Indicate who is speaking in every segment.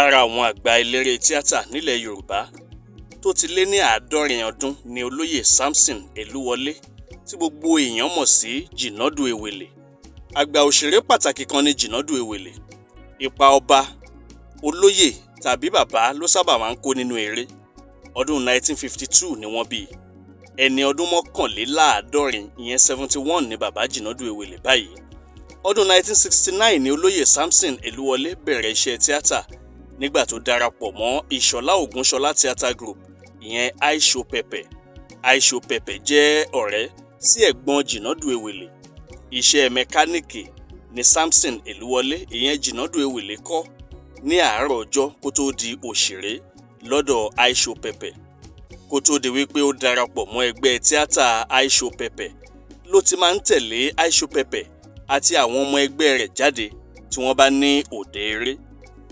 Speaker 1: lára àwọn àgbà eléré tíátà nílẹ̀ yorùbá tó ti lé ní àádọ́rin ọdún ni olóyè samson elúwọlé tí gbogbo èèyàn mọ̀ sí jìnàdù ewele àgbà òṣèré pàtàkì kan ni jìnàdù ewele ipa ọba olóyè tàbí bàbá ló sábà máa ń kó nínú eré ọdún 1952 ni wọ́n bí ẹni ọdún mọ́kànléláàádọ́rin ìyẹn 71 ni bàbá jìnàdù ewele báyìí ọdún 1969 ni olóyè samson elúwọlé bẹ̀rẹ̀ iṣẹ́ tíátà nígbà tó darapọ̀ mọ́ ìṣọ̀lá ògúnṣọlá theatre group ìyẹn aisho pepe aisho pepe jẹ́ ọ̀rẹ́ sí ẹ̀gbọ́n jìnàdù ewele iṣẹ́ mẹkáníìkì ni samson èlúwọlé ìyẹn jìnàdù ewele kọ́ ní àárọ̀ ọjọ́ kó tó di òṣèré lọ́dọ̀ aisho pepe kó tó di wípé ó darapọ̀ mọ́ ẹgbẹ́ tíátà aisho pepe ló ti máa ń tẹ̀lé aisho pepe àti àwọn ọmọ ẹgbẹ́ rẹ̀ jáde tí wọ́n bá ní òde eré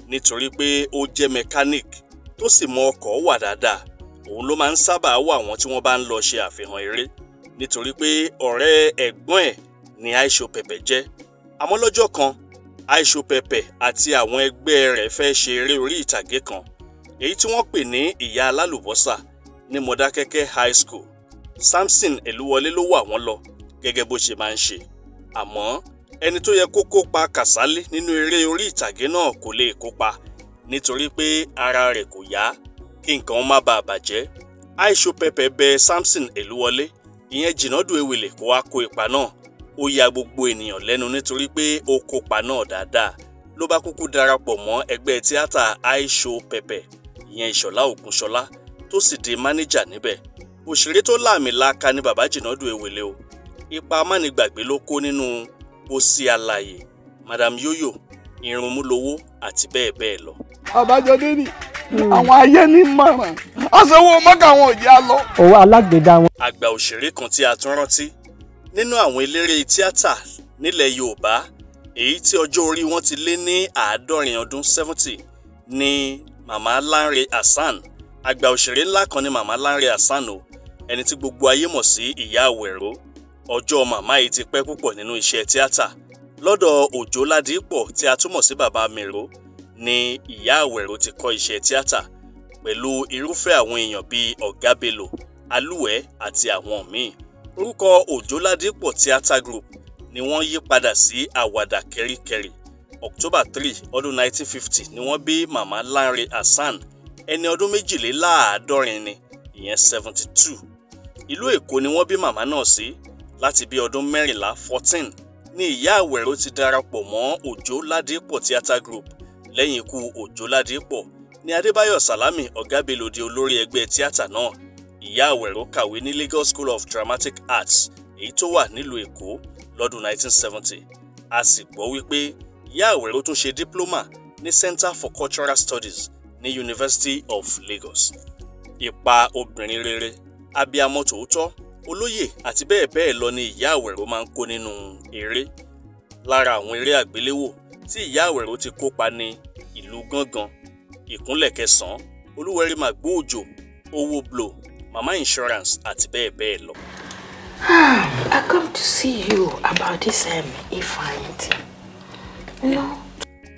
Speaker 1: nítorí pé ó jẹ́ mechanic tó sì mọ ọkọ̀ wà dáadáa òun ló máa ń sábà wà wọ́n tí wọ́n bá ń lọ ṣe àfihàn eré nítorí pé ọ̀rẹ́ ẹ̀gbọ́n ẹ̀ ni Aisho Pepe jẹ́ àmọ́ lọ́jọ́ kan Aisho Pepe àti àwọn ẹgbẹ́ rẹ̀ fẹ́ ṣe eré orí ìtàgé kan èyí tí wọ́n pè ní ìyá alálùbọ́sà ní Mọdákẹ́kẹ́ High School Samson Elúwọlé ló wà wọ́n lọ gẹ́gẹ́ bó ṣe máa ń ṣe àmọ́ ẹni tó yẹ kó kópa Kàsálí nínú eré orí ìtàgé náà kò lè kópa nítorí pé ara rẹ̀ kò yá kí nǹkan má bàa bàjẹ́ aisho pepe bẹ Samson Èlúwọlé ìyẹn Jìnàdù Ewèlè kó wá kó ipa náà ó ya gbogbo ènìyàn lẹ́nu nítorí pé ó kópa náà dáadáa ló bá kúkú darapọ̀ mọ́ ẹgbẹ́ tíátà aisho pepe ìyẹn Ìṣọ̀lá Ògúnṣọlá tó sì di mánéjà níbẹ̀ òṣèré tó láàmì laaka ni bàbá Jìnàdù Ewèlè o ipa mánigbàgbé ló kó nínú òsì àlàyé madam yoyo irunmúlowó àti bẹ́ẹ̀ bẹ́ẹ̀ lọ. àbájọ dẹ́nì
Speaker 2: àwọn ayé ní mọ̀ràn
Speaker 1: aṣẹ́wó mọ́kà wọn ò yá lọ. òwò alágbèédá wọn. àgbà òṣèré kan tí a tún rántí nínú àwọn eléré tíátà nílẹ̀ yorùbá èyí tí ọjọ́ orí wọn ti lé ní àádọ́rin ọdún seventy ni màmá Lánrè Hassan àgbà òṣèré ńlá kan ni màmá Lánrè Hassan o ẹni tí gbogbo ayé mọ̀ sí ìyá àwẹ̀rọ ọjọ́ màmá yìí ti pẹ́ púpọ̀ nínú iṣẹ́ tíátà lọ́dọ̀ òjó ládìípọ̀ tí a túmọ̀ sí bàbá mèrò ni ìyá àwẹ̀rò ti kọ́ iṣẹ́ tíátà pẹ̀lú irúfẹ́ àwọn èèyàn bíi ọ̀gá bello alúwẹ̀ àti àwọn míì orúkọ òjó ládìípọ̀ theatre group ni wọ́n yí padà sí àwàdà kẹ́ríkẹ́rí october three ọdún nineteen fifty ni wọ́n bí màmá lánre hasan ẹni ọdún méjìléláàádọ́rin ni ìyẹn seventy two ìlú èkó ni wọ́n bí màmá náà sí láti bí ọdún mẹ́rìnlá fourteen ni ìyá àwẹ̀rọ ti darapọ̀ mọ́ òjó ládìpọ̀ theatre group lẹ́yìn ikú òjó ládìpọ̀ ni adébáyọ̀ sàlámì ọ̀gá belò di olórí ẹgbẹ́ tíátà náà ìyá àwẹ̀rọ kàwé ní lagos school of dramatic arts èyí tó wà nílùú èkó lọ́dún 1970 a sì gbọ́ wípé ìyá àwẹ̀rọ tún ṣe diploma ní center for cultural studies ní university of lagos ipa obìnrin rere abiyamọ tòótọ́ olóyè àti bẹ́ẹ̀ bẹ́ẹ̀ lọ ni ìyá àwẹ̀rò máa ń kó nínú eré lára àwọn eré àgbéléwò tí ìyá àwẹ̀rò ti kópa ní ìlú gángan ìkúnlẹ̀ kẹsàn-án olúwẹ̀rí màgbó owó blo mama insurance àti bẹ́ẹ̀ bẹ́ẹ̀ lọ. Ah, I come to see you about this um, Ifeanyi No.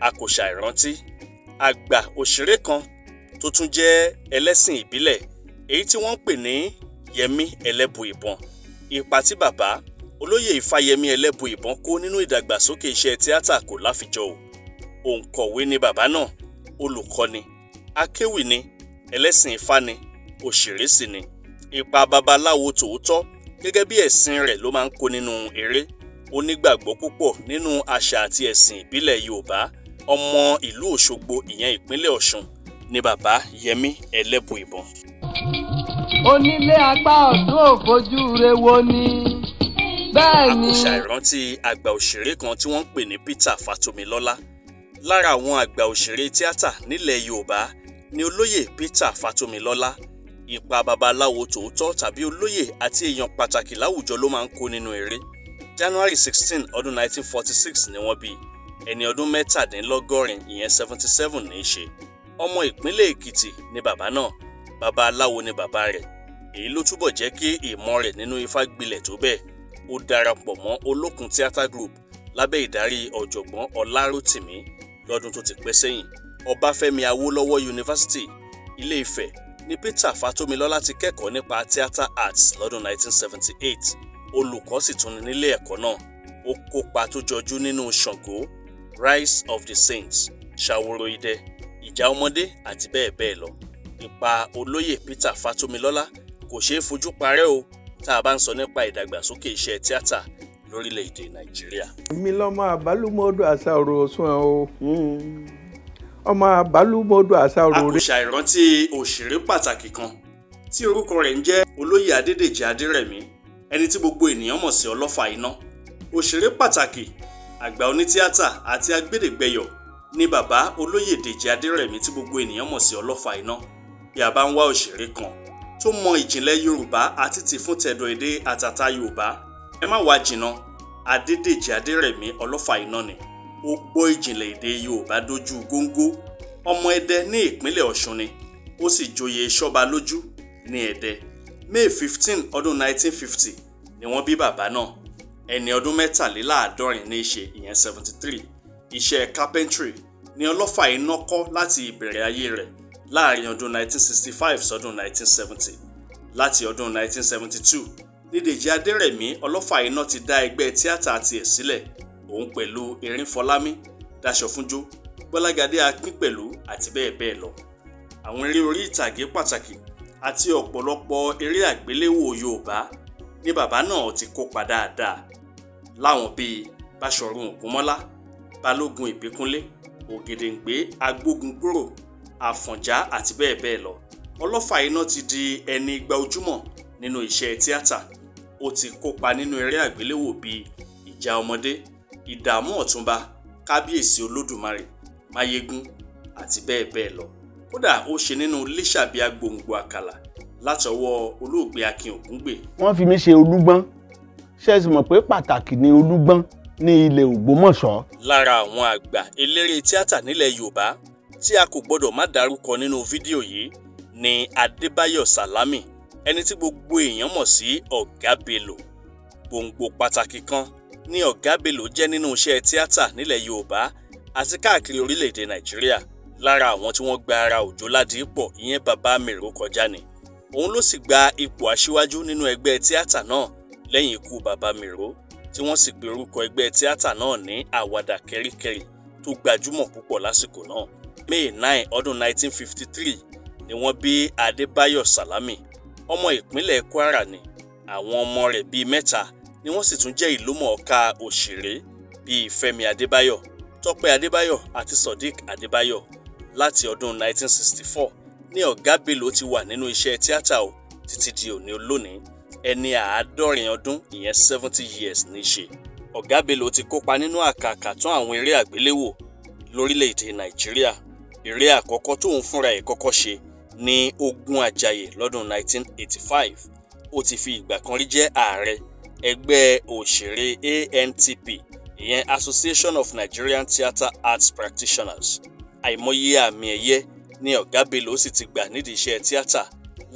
Speaker 1: a kò ṣàìrántí àgbà òṣèré kan tó tún jẹ́ ẹlẹ́sìn ìbílẹ̀ èyí tí wọ́n ń pè ní yẹmí ẹlẹ́bùìbọn ipa tí bàbá olóyè ifáyẹmí ẹlẹ́bùìbọn kó nínú ìdàgbàsókè iṣẹ́ tíátà kò láfijọ́ o òǹkọ̀wé ni bàbá náà olùkọ́ni akéwì ni ẹlẹ́sìn ifá ni òṣèré sì ni ipa babaláwo tòótọ́ gẹ́gẹ́ bí ẹ̀sìn rẹ̀ ló máa ń kó nínú eré onígbàgbọ́ púpọ̀ nínú àṣà àti ẹ̀sìn ìbílẹ̀ yorùbá ọmọ ìlú òṣogbo ìyẹn ìpínlẹ̀ ọ̀ṣun ni bàbá yẹmí ẹlẹ́bùìbọn onílé apá ọ̀tún òfojú re wo ni. bẹ́ẹ̀ ni. àkóṣà ìrántí àgbà òṣèré kan tí wọ́n ń pè ní Peter Fatomilọ́lá lára àwọn àgbà òṣèré tíátà nílẹ̀ Yorùbá ni olóyè Peter Fatomilọ́lá ipa babaláwo tòótọ́ tàbí olóyè àti èèyàn pàtàkì láwùjọ ló máa ń kó nínú eré January 16 ọdún 1946 forty six ni wọ́n bí ẹni ọdún mẹ́tàdínlọ́gọ́rin ìyẹn seventy seven ní í ṣe ọmọ ìpínlẹ̀ Èkìtì ni bàbá náà babaláwo ni bàbá rẹ̀ èyí ló túbọ̀ jẹ́ kí ìmọ̀ rẹ̀ nínú ifá gbilẹ̀ tó bẹ́ẹ̀ ó darapọ̀ mọ́ olókun theatre group lábẹ́ ìdarí ọ̀jọ̀gbọ́n ọlárútìmí lọ́dún tó ti pẹ́ sẹ́yìn ọbáfẹ́mi awólọ́wọ̀ yunifásitì ilé ifẹ̀ ni peter fatomilọ́lá ti kẹ́kọ̀ọ́ nípa theatre arts lọ́dún 1978 olùkọ́ sì tún ni nílé ẹ̀kọ́ náà ó kópa tó jọjú nínú ṣàngó rise of the saints ṣàwòrò idẹ ìjà ọmọdé àti bẹ́ẹ̀ bẹ́ẹ̀ lọ ipa olóyè Peter Fatoyinmọ́lá kò ṣeé fojú parẹ́ o tá a bá ń sọ nípa ìdàgbàsókè iṣẹ́ tíátà lórílẹ̀‐èdè Nàìjíríà. mi lọ́mọ àbálùmọ́dọ̀ àṣà òrò òṣùwọ̀n o ọmọ àbálùmọ́dọ̀ àṣà òrò rẹ̀. a kò ṣàìrántí òṣèré pàtàkì kan tí orúkọ rẹ̀ ń jẹ́ olóyè Adédèjì Adérẹ̀mí ẹni tí gbogbo ènìyàn mọ̀ sí ọlọ́fà iná òṣèré pàtàkì àgbà onítíátà àti agbẹ́dẹ̀gbẹ́yọ̀ ni bàbá olóyè Dèjì Adérẹ̀mí tí gbogbo ènìyàn mọ̀ sí ọlọ́fà iná bí a bá ń wá òṣèré kan tó mọ ìjìnlẹ̀ yorùbá àti tìfún tẹ̀dọ̀ èdè àtàtà yorùbá ẹ má wá jìnnà adédèjì adérẹ̀mí ọlọ́fà iná ni ó gbọ́ ìjìnlẹ̀ èdè yorùbá dojú góńgó ọmọ ẹdẹ ní ìpínlẹ̀ ọ̀ṣun ni ó sì joyè ṣọ́ba lójú ní ẹdẹ may fifteen ọdún nineteen fifty ni wọ́n bí bàbá náà ẹni ọdún mẹ́tàléláàádọ́rin ní í ṣe ìyẹn seventy three iṣẹ́ carpentry ni ọlọ́fà iná kọ́ láti ìbẹ̀rẹ̀ ayé rẹ̀ láàrin ọdún 1965 sọdún 1970 láti ọdún 1972 ni Dèjì Adérẹ̀mí Ọlọ́fàiná ti dá ẹgbẹ́ tíátà tiẹ̀ sílẹ̀ òun pẹ̀lú Erinfọlámi Daṣọfúnjó Gbọ́lágadé Akínpẹ̀lú àti bẹ́ẹ̀ bẹ́ẹ̀ lọ àwọn eré orí ìtàgé pàtàkì àti ọ̀pọ̀lọpọ̀ eré àgbéléwò Yorùbá ni bàbá náà ti kópa dáadáa láwọn bíi Báṣọ̀run Ògúnmọ́lá Balógun Ìbíkúnlé Ògèdèǹgbé Agbógungbòrò àfọ̀njá àti bẹ́ẹ̀ bẹ́ẹ̀ lọ ọlọ́fà iná ti di ẹni igba ojúmọ̀ nínú iṣẹ́ tíátà ó ti kópa nínú eré àgbéléwò bíi ìjà ọmọdé ìdààmú ọ̀túnba kábíyèsí olódùmarè máyégún àti bẹ́ẹ̀ bẹ́ẹ̀ lọ kódà ó ṣe nínú lísàbíà gbòǹgbò àkàlà látọwọ́ olóògbé akin ògúngbè. wọ́n fi mí ṣe olúgbọ́n ṣe é sì mọ̀ pé pàtàkì ni olúgbọ́n ní ilẹ̀ ògbómọ̀ṣọ́. lára àwọn àgbà eléré tíátà nílẹ̀ yorùbá tí a kò gbọdọ̀ má dárúkọ nínú fídíò yìí ni Adébáyọ̀ Sàlámì ẹni tí gbogbo èèyàn mọ̀ sí Ọ̀gá Bello gbòǹgbò pàtàkì kan ni Ọ̀gá Bello jẹ́ nínú iṣẹ́ tíátà nílẹ̀ Yorùbá àti káàkiri orílẹ̀-èdè Nàìjíríà lára àwọn tí wọ́n gba ara Òjó Ládìípọ̀ ìyẹn bàbá Mèrò kọjá ni òun ló sì gba ipò aṣíwájú nínú ẹgbẹ́ tíátà náà lẹ́yìn ikú bàbá Mèrò tí wọ́n sì pe orúkọ ẹgbẹ́ tíátà náà ní àwàdà kẹ́ríkẹ́rí tó gbajúmọ̀ púpọ̀ lásìkò náà May nine ọdún 1953 ni wọ́n bí Adébáyọ̀ Sàlámì ọmọ ìpínlẹ̀ Kwara ni àwọn ọmọ rẹ̀ bíi mẹ́ta ni wọ́n sì tún jẹ́ ìlúmọ̀ọ́ká òṣèré bíi Fẹ́mi Adébáyọ̀ Tọ́pẹ́ Adébáyọ̀ àti Sodiq Adébáyọ̀ láti ọdún 1964 ní ọ̀gá Bello ti wà nínú iṣẹ́ tíátà o títí di òní olónìí ẹni àádọ́rin ọdún ìyẹn seventy years ní í ṣe ọ̀gá Bello ti kópa nínú àkàkà tán àwọn eré àgbéléwò lórílẹ̀ Nàìjíríà èrè àkọ́kọ́ tóun fúnra ẹ̀ kọ́kọ́ ṣe ní ogun àjàyè lọ́dún 1985 ó ti fi ìgbà kan rí jẹ́ ààrẹ ẹgbẹ́ òṣèré ANTP ìyẹn Association of Nigerian Theatre Arts Practitioners àìmọye àmì ẹ̀yẹ ni ọ̀gá Bello sì ti gbà nídìí iṣẹ́ tíátà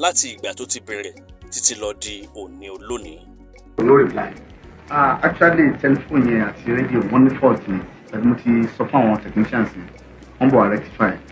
Speaker 1: láti ìgbà tó ti bẹ̀rẹ̀ títí lọ di òní olónìí. no reply ah actually telephone yẹn àti rédíò wọ́n ní fault ni mo ti sọ fún àwọn technicians yẹn Vambora, que faz.